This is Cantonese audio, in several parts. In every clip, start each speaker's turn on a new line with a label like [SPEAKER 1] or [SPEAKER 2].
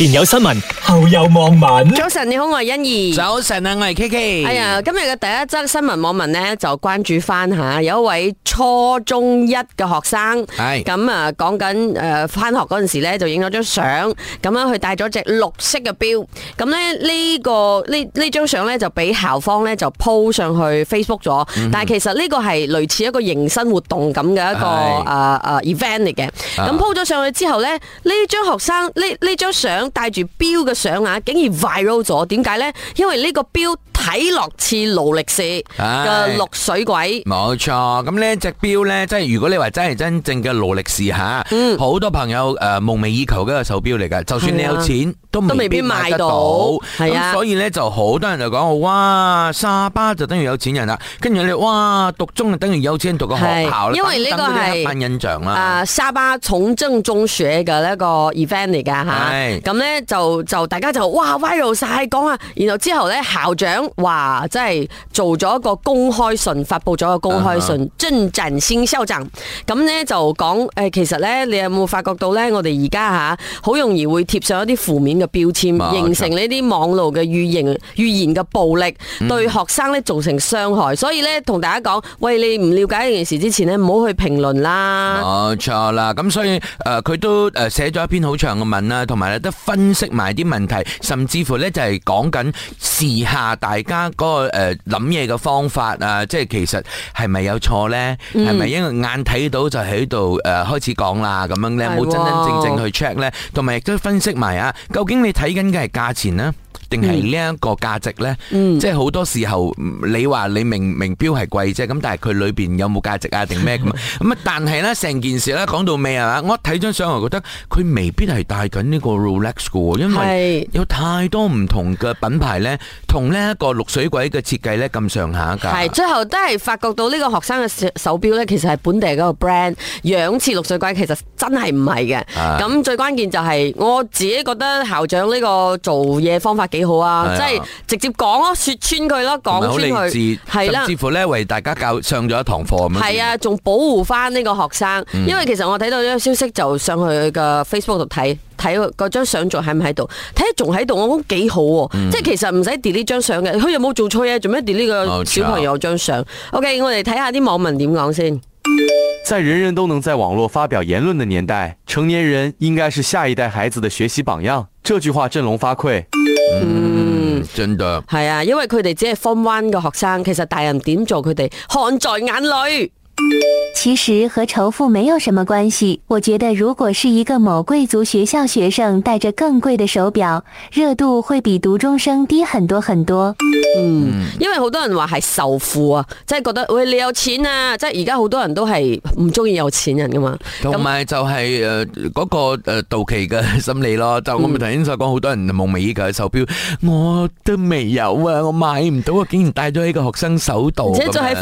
[SPEAKER 1] 前有新聞，後有網民。早
[SPEAKER 2] 晨你好，我係欣怡。早晨啊，我係 KK。哎今日嘅第一則新聞網民呢，就關注翻吓，有一位初中一嘅學生。係。咁、嗯、啊，講緊誒，翻、呃、學嗰陣時候呢，就影咗張相。咁樣，佢戴咗隻綠色嘅錶。咁呢，呢、這個呢呢張相呢，就俾校方呢，就 po 上去 Facebook 咗、嗯。但係其實呢個係類似一個迎新活動咁嘅一個啊啊 event 嚟嘅。咁 po 咗上去之後呢，呢張學生呢呢張相。這這張照戴住表嘅相啊，竟然 viral 咗，點解咧？因為呢個表。睇落似勞力士嘅綠水鬼，
[SPEAKER 1] 冇錯。咁呢隻表咧，即係如果你話真係真正嘅勞力士吓，好多朋友誒夢寐以求嘅一個手表嚟噶。就算你有錢，都都未必買得到。係啊，所以咧就好多人就講，哇，沙巴就等於有錢人啦。跟住你，哇，讀中就等於有錢人讀個學校。係，因為呢個係第一印象啦。啊，
[SPEAKER 2] 沙巴崇正中學嘅一個 event 嚟噶吓。係。咁咧就就大家就哇 viral 晒，講啊，然後之後咧校長。話即係做咗一個公開信，發布咗個公開信，尊敬先收正。咁呢就講誒，其實呢，你有冇發覺到呢？我哋而家吓好容易會貼上一啲負面嘅標籤，形成呢啲網絡嘅語言語言嘅暴力，對學生呢造成傷害。Mm. 所以呢，同大家講，喂，你唔了解呢件事之前呢，唔好去評論啦。
[SPEAKER 1] 冇錯啦。咁所以誒，佢、呃、都誒寫咗一篇好長嘅文啦，同埋呢都分析埋啲問題，甚至乎呢就係講緊時下大。而家、嗰個誒諗嘢嘅方法啊，即係其實係咪有錯咧？係、嗯、咪因為眼睇到就喺度誒開始講啦咁樣？你有冇真真正正，正去 check 咧？同埋亦都分析埋啊，究竟你睇緊嘅係價錢咧？定係呢一個價值呢？嗯、即係好多時候你話你名名表係貴啫，咁但係佢裏邊有冇價值啊？定咩咁？咁啊？但係呢，成件事呢講到尾係我睇張相，我覺得佢未必係戴緊呢個 Rolex 嘅，因為有太多唔同嘅品牌呢，同呢一個綠水鬼嘅設計呢咁上下噶。係
[SPEAKER 2] 最後都係發覺到呢個學生嘅手表呢，其實係本地嗰個 brand，樣似綠水鬼，其實真係唔係嘅。咁最關鍵就係、是、我自己覺得校長呢個做嘢方。法幾好啊！啊即係直接講咯，説穿佢咯，講穿佢係啦，甚至
[SPEAKER 1] 乎咧為大家教上咗一堂課咁樣。係
[SPEAKER 2] 啊，仲保護翻呢個學生、嗯，因為其實我睇到呢個消息就上去個 Facebook 度睇睇嗰張相仲喺唔喺度？睇仲喺度，我覺得幾好喎、啊嗯。即係其實唔使 delete 張相嘅，佢有冇做錯嘢、啊，做咩 delete 個小朋友張相、哦？OK，我哋睇下啲網民點講先。在人人都能在網絡發表言論的年代，成年人應該是下一代孩子的學
[SPEAKER 1] 習榜樣。這句話振聾發聵。嗯，真
[SPEAKER 2] 嘅係啊，因為佢哋只係 form one 嘅學生，其實大人點做他們，佢哋看在眼裏。其實和仇富沒有什麼關係。我覺得如果是一個某貴族學校學生戴着更貴的手表，熱度會比讀中生低很多很多。嗯，因為好多人話係仇富啊，即係覺得喂你有錢啊，即係而家好多人都係唔中意有錢人噶嘛。同
[SPEAKER 1] 埋就係誒嗰個誒妒忌嘅心理咯。就我咪頭先就講，好、嗯、多人夢寐以求嘅手表，我都未有啊，我買唔到啊，我竟然戴咗喺個學生手度，而且係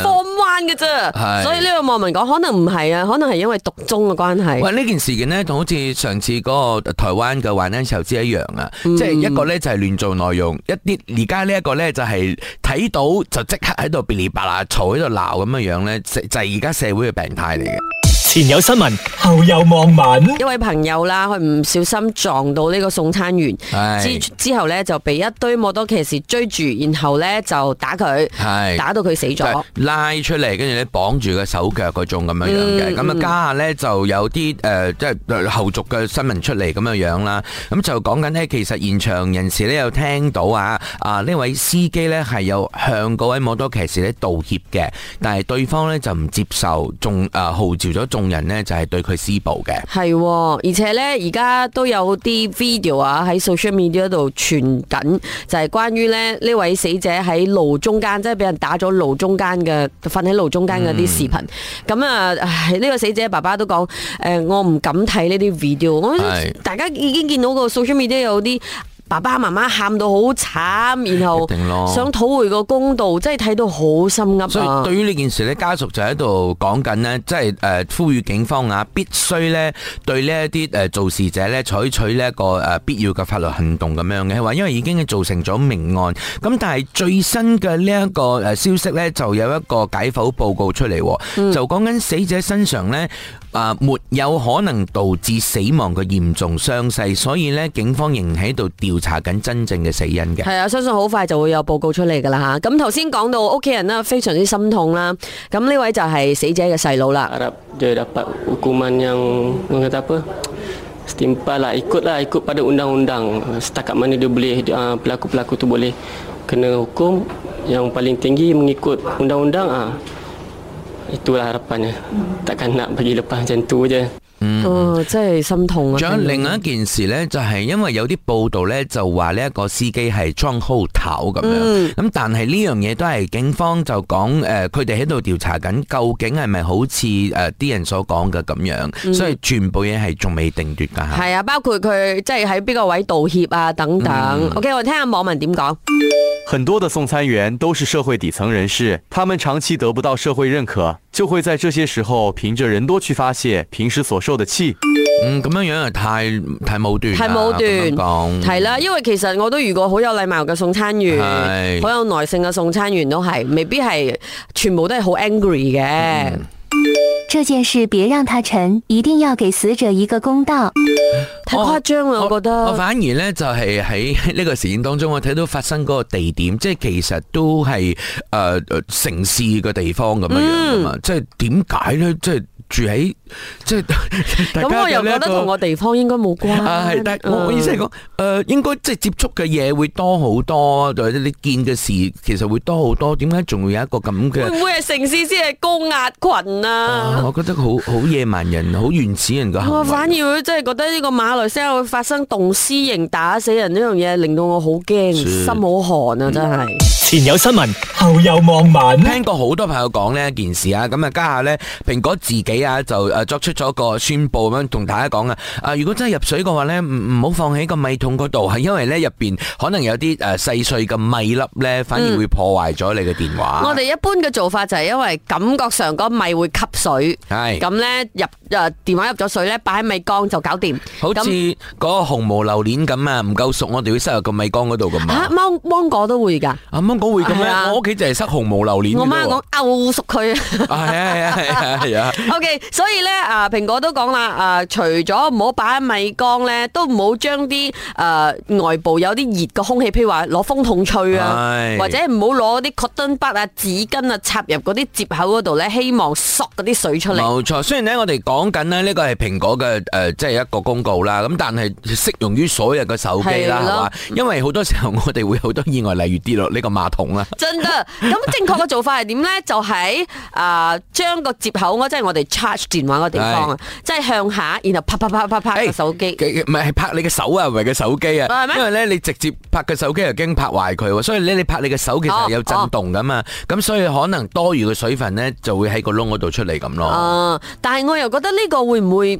[SPEAKER 2] 嘅啫，所以呢個網民講可能唔係啊，可能係因為讀中嘅關係。喂，
[SPEAKER 1] 呢件事件咧、嗯，就好似上次嗰個台灣嘅華恩就知一樣啊，即係一個咧就係亂做內容，一啲而家呢一個咧就係睇到就即刻喺度噼里啪啦嘈喺度鬧咁嘅樣咧，就就係而家社會嘅病態嚟
[SPEAKER 2] 嘅。前有新聞，後有網民。一位朋友啦，佢唔小心撞到呢個送餐員，之之後咧就被一堆摩托騎士追住，然後咧就打佢，係打到佢死咗，
[SPEAKER 1] 拉出嚟，跟住咧綁住個手腳嗰種咁樣樣嘅，咁啊家下咧就有啲誒，即係後續嘅新聞出嚟咁樣樣啦。咁就講緊咧，其實現場人士咧有聽到啊，啊呢位司機咧係有向嗰位摩托騎士咧道歉嘅，但係對方咧就唔接受，仲誒號召咗仲。眾人呢就係對佢施暴嘅，
[SPEAKER 2] 係，而且呢，而家都有啲 video 啊喺 social media 度傳緊，就係、是、關於呢呢位死者喺路中間，即係俾人打咗路中間嘅，瞓喺路中間嗰啲視頻。咁、嗯、啊，呢、這個死者爸爸都講，誒、呃，我唔敢睇呢啲 video，我大家已經見到個 social media 有啲。爸爸媽媽喊到好慘，然後想討回個公道，真係睇到好心悒啊，所以對
[SPEAKER 1] 於呢件事呢家屬就喺度講緊呢即係誒呼籲警方啊，必須呢對呢一啲誒肇事者呢採取呢一個誒必要嘅法律行動咁樣嘅，係話因為已經造成咗命案。咁但係最新嘅呢一個誒消息呢，就有一個解剖報告出嚟，就講緊死者身上呢。啊，沒有可能導致死亡嘅嚴重傷勢，所以呢警方仍喺度調查緊真正嘅死因嘅。係
[SPEAKER 2] 啊，相信好快就會有報告出嚟噶啦吓，咁頭先講到屋企人咧，非常之心痛啦。咁呢位就係死者嘅細佬啦。啊都啦，阿伯你，突然間
[SPEAKER 1] 唔俾你落班，真係，哦，真
[SPEAKER 2] 係心痛啊！仲有
[SPEAKER 1] 另外一件事呢，就係因為有啲報道呢，就話呢一個司機係裝酷頭咁
[SPEAKER 2] 樣，咁
[SPEAKER 1] 但係呢樣嘢都係警方就講誒，佢哋喺度調查緊，究竟係咪好似誒啲人所講嘅咁樣，所以全部嘢係仲未定奪噶嚇。係
[SPEAKER 2] 啊，包括佢即係喺邊個位道歉啊等等。OK，我聽下網民點講。
[SPEAKER 1] 很多的送餐員都是社會底層人士，他們長期得不到社會認可，就會在這些時候憑着人多去發泄平時所受的氣。嗯，咁樣樣又太太武斷，太武斷，係啦。
[SPEAKER 2] 因為其實我都遇過好有禮貌嘅送餐員，好有耐性嘅送餐員都係，未必係全部都係好 angry 嘅。嗯這件事別讓他沉，一定要給死者一個公道。太誇張啦，我覺得。我，我
[SPEAKER 1] 反而呢，就係喺呢個事件當中，我睇到發生嗰個地點，即係其實都係誒，呃呃，城市嘅地方咁樣樣，嗯，即係點解呢？即係。住喺即係，咁、那個、我又覺得同
[SPEAKER 2] 個地方應該冇關。係、啊、係，但係我意
[SPEAKER 1] 思係講，誒、呃，應該即係接觸嘅嘢會多好多，就係你見嘅事其實會多好多。點解仲會有一個咁嘅？會
[SPEAKER 2] 唔會係城市先係高壓群啊，
[SPEAKER 1] 啊？我覺得好好野蠻人，好 原始人嘅行為。我
[SPEAKER 2] 反而會真係覺得呢個馬來西亞會發生動私刑打死人呢樣嘢，令到我好驚，心好寒啊！真係
[SPEAKER 1] 前有新聞，後有網民。聽過好多朋友講呢一件事啊，咁啊家下呢，蘋果自己。啊就誒作出咗個宣布，咁樣同大家講啊，啊如果真係入水嘅話咧，唔唔好放喺個米桶嗰度，係因為咧入邊可能有啲誒細碎嘅米粒咧，反而會破壞咗你嘅電話。我哋
[SPEAKER 2] 一般嘅做法就係因為感覺上個米會吸水，係咁咧入，誒電話入咗水咧，擺喺米缸就搞掂。好似
[SPEAKER 1] 嗰個紅毛榴蓮咁啊，唔夠熟我哋會塞入個米缸嗰度噶嘛。
[SPEAKER 2] 吓芒、芒果都會噶，啊芒果會嘅咩？我
[SPEAKER 1] 屋企就係塞紅毛榴蓮，我媽講
[SPEAKER 2] 漚熟佢。
[SPEAKER 1] 係係係
[SPEAKER 2] 係啊。所以咧啊，蘋果都講啦啊，除咗唔好擺喺米缸咧，都唔好將啲外部有啲熱嘅空氣，譬如話攞風筒吹啊，或者唔好攞啲墩筆啊、紙巾啊插入嗰啲接口嗰度咧，希望索嗰啲水出嚟。冇
[SPEAKER 1] 錯，雖然咧我哋講緊呢呢個係蘋果嘅即係一個公告啦，咁但係適用於所有嘅手機啦，因為好多時候我哋會好多意外，例如跌落呢個馬桶啦。
[SPEAKER 2] 真㗎，咁正確嘅做法係點咧？就係啊，將個接口，即係我哋。拍電話個地方啊，即係、就是、向下，然後啪啪啪啪拍個、hey, 手機，
[SPEAKER 1] 唔係係拍你嘅手啊，唔係個手機啊，uh, 因為咧你直接拍個手機又驚拍壞佢喎，所以咧你拍你嘅手其實有震動噶嘛，咁、oh, oh. 所以可能多餘嘅水分咧就會喺個窿嗰度出嚟咁咯。Oh,
[SPEAKER 2] 但係我又覺得呢個會唔會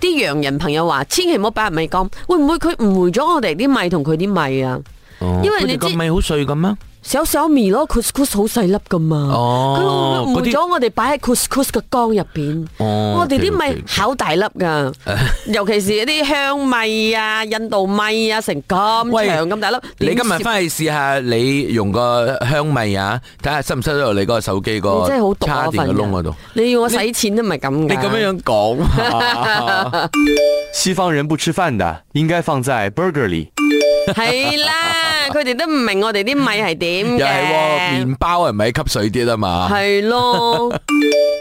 [SPEAKER 2] 啲洋人朋友話，千祈唔好擺入米缸，會唔會佢誤會咗我哋啲米同佢啲米啊？Oh,
[SPEAKER 1] 因為你個米好碎咁啊。
[SPEAKER 2] 小小米咯，couscous 好細粒噶嘛，佢換咗我哋擺喺 couscous 嘅缸入邊，我哋啲米好大粒噶，尤其是嗰啲香米啊、印度米啊，成咁長咁大粒。你今日翻去
[SPEAKER 1] 試下，你用個香米啊，睇下塞唔塞得落你嗰個手機個插電嘅窿嗰度。
[SPEAKER 2] 你要我使錢都唔係咁嘅。你咁樣樣
[SPEAKER 1] 講，西方人不吃飯的應該放在 burger 裏。係
[SPEAKER 2] 啦，佢哋都唔明我哋啲米係點，又係喎，
[SPEAKER 1] 麵包係咪吸水啲啊嘛？係咯，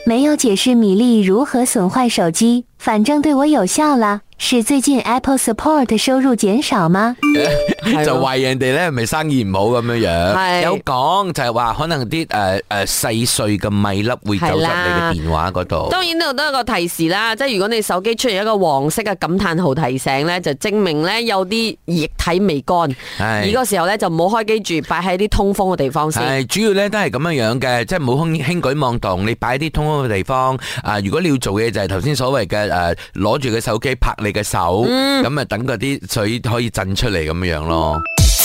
[SPEAKER 2] 沒有解釋米粒如
[SPEAKER 1] 何損壞手機，反正對我有效啦。是最近 Apple Support 收入減少嗎？ 就話，人哋咧，係咪生意唔好咁樣樣，有講就係話可能啲誒誒細碎嘅米粒會走入你嘅電話度、啊。當然
[SPEAKER 2] 度都有個提示啦，即係如果你手機出現一個黃色嘅感嘆號提醒咧，就證明咧有啲液體未乾。係而、啊這個時候咧就唔好開機住，擺喺啲通風嘅地方先。係、啊、
[SPEAKER 1] 主要咧都係咁樣樣嘅，即係唔好輕舉妄動，你擺啲通風嘅地方。啊、呃，如果你要做嘢就係頭先所謂嘅誒，攞住個手機拍。你嘅手咁啊，等嗰啲水可以震出嚟咁樣咯。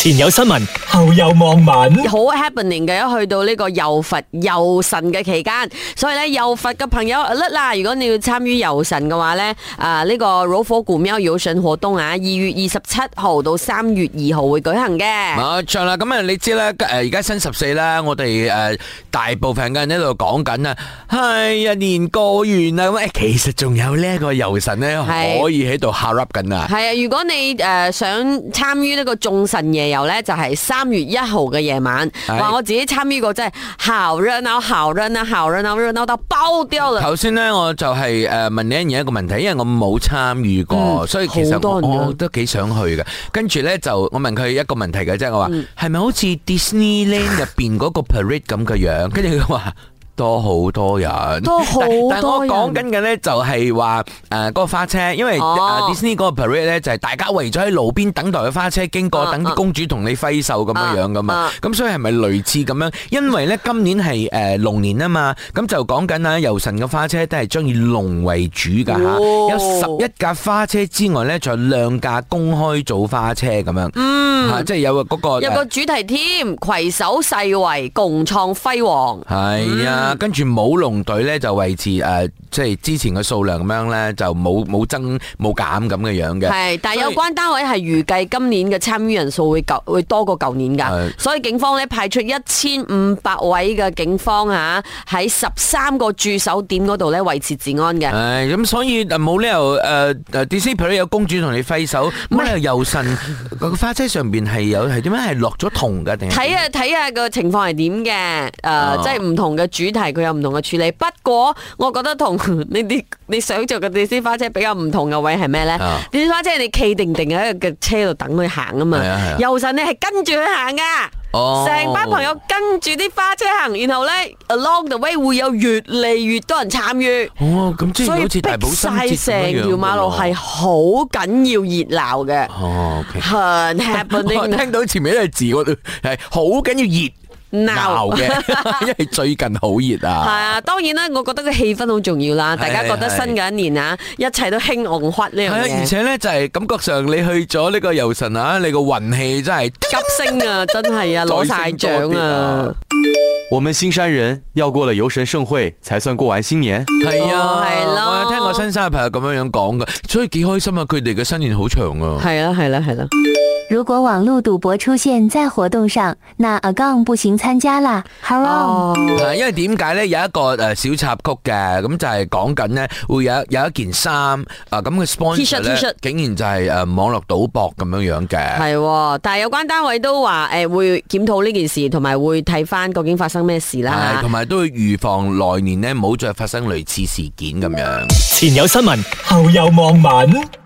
[SPEAKER 1] 前有新聞，
[SPEAKER 2] 後有網民。好 happening 嘅，一去到呢個遊佛遊神嘅期間，所以咧遊佛嘅朋友，嗱，如果你要參與遊神嘅話咧，啊呢個羅火古廟遊神活動啊，二月二十七號到三月二號會舉行嘅。
[SPEAKER 1] 冇錯啦，咁啊，你知啦，誒而家新十四啦，我哋誒大部分嘅人喺度講緊啊，係啊年過完啦，咁誒其實仲有呢個遊神咧可以喺度 hold up 緊啊。
[SPEAKER 2] 係啊，如果你誒想參與呢個眾神夜。有咧就係、是、三月一號嘅夜晚，話我自己參與過真係好熱鬧，好熱鬧，好熱鬧，熱鬧到爆頭
[SPEAKER 1] 先咧，我就係誒問你一個問題，因為我冇參與過、嗯，所以其實我都幾、啊、想去嘅。跟住咧就我問佢一個問題嘅，即係我話係咪好似 Disneyland 入邊嗰個 Parade 咁嘅樣，樣？跟住佢話。多好多人，但係我講緊嘅咧就係話誒嗰個花車，因為 Disney 嗰個 parade 咧就係大家圍咗喺路邊等待個花車經過，等啲公主同你揮手咁樣樣噶嘛，咁所以係咪類似咁樣？因為咧今年係誒龍年啊嘛，咁就講緊啦，遊神嘅花車都係將以龍為主噶吓，有十一架花車之外咧，仲有兩架公開組花車咁樣，嗯，即係有嗰個有個
[SPEAKER 2] 主題添，攜手世維共創輝煌，
[SPEAKER 1] 係啊。跟住舞龍隊咧就維持誒，即係之前嘅數量咁樣咧，就冇冇增冇減咁嘅樣嘅。係，但係有關
[SPEAKER 2] 單位係預計今年嘅參與人數會舊會多過舊年噶。係，所以警方咧派出一千五百位嘅警方吓，喺十三個駐守點嗰度咧維持治安嘅。
[SPEAKER 1] 係，咁所以就冇理由誒，誒誒有公主同你揮手，乜又又遊神個花車上邊係有係點啊？係落咗銅噶定？睇
[SPEAKER 2] 下睇下個情況係點嘅誒，即係唔同嘅主。係佢有唔同嘅處理，不過我覺得同你你想做嘅電視花車比較唔同嘅位係咩咧？視、oh. 花車你企定定喺個車度等佢行啊嘛，遊、yeah, yeah. 神你係跟住佢行噶，成、oh. 班朋友跟住啲花車行，然後呢 along the way 會有越嚟越多人參與。哦、oh, 嗯，咁即係好似大寶森節逼晒成條馬路，係好緊要熱鬧嘅。
[SPEAKER 1] 哦，係 happen。我聽到前面都係字，我都係好緊要熱。鬧嘅，因為最近好熱啊。係啊，
[SPEAKER 2] 當然啦，我覺得個氣氛好重要啦。大家覺得新嘅一年啊，一切都興昂屈呢樣嘢。係啊，而且
[SPEAKER 1] 咧就係、是、感覺上你去咗呢個遊神啊，你個運氣真係急
[SPEAKER 2] 升啊，真係啊，攞晒獎啊！
[SPEAKER 1] 我們新山人要過了遊神盛會，才算過完新年。
[SPEAKER 2] 係啊，係啦、啊啊啊。我聽我新
[SPEAKER 1] 山嘅朋友咁樣樣講嘅，所以幾開心啊！佢哋嘅新年好長啊。係
[SPEAKER 2] 啦、啊，係啦、啊，係啦、啊。如果網絡賭博出現在活動上，那 again 不行參加啦。哈囉，啊、哦，因
[SPEAKER 1] 為點解呢，有一個誒小插曲嘅，咁就係講緊咧，會有有一件衫啊，咁嘅 sponsor 竟然就係誒網絡賭博咁樣
[SPEAKER 2] 樣嘅。係、哦，但係有關單位都話誒會檢討呢件事，同埋會睇翻究竟發生咩事啦。係，同
[SPEAKER 1] 埋都會預防來年咧冇再發生類似事件咁樣。前有新聞，後有網民。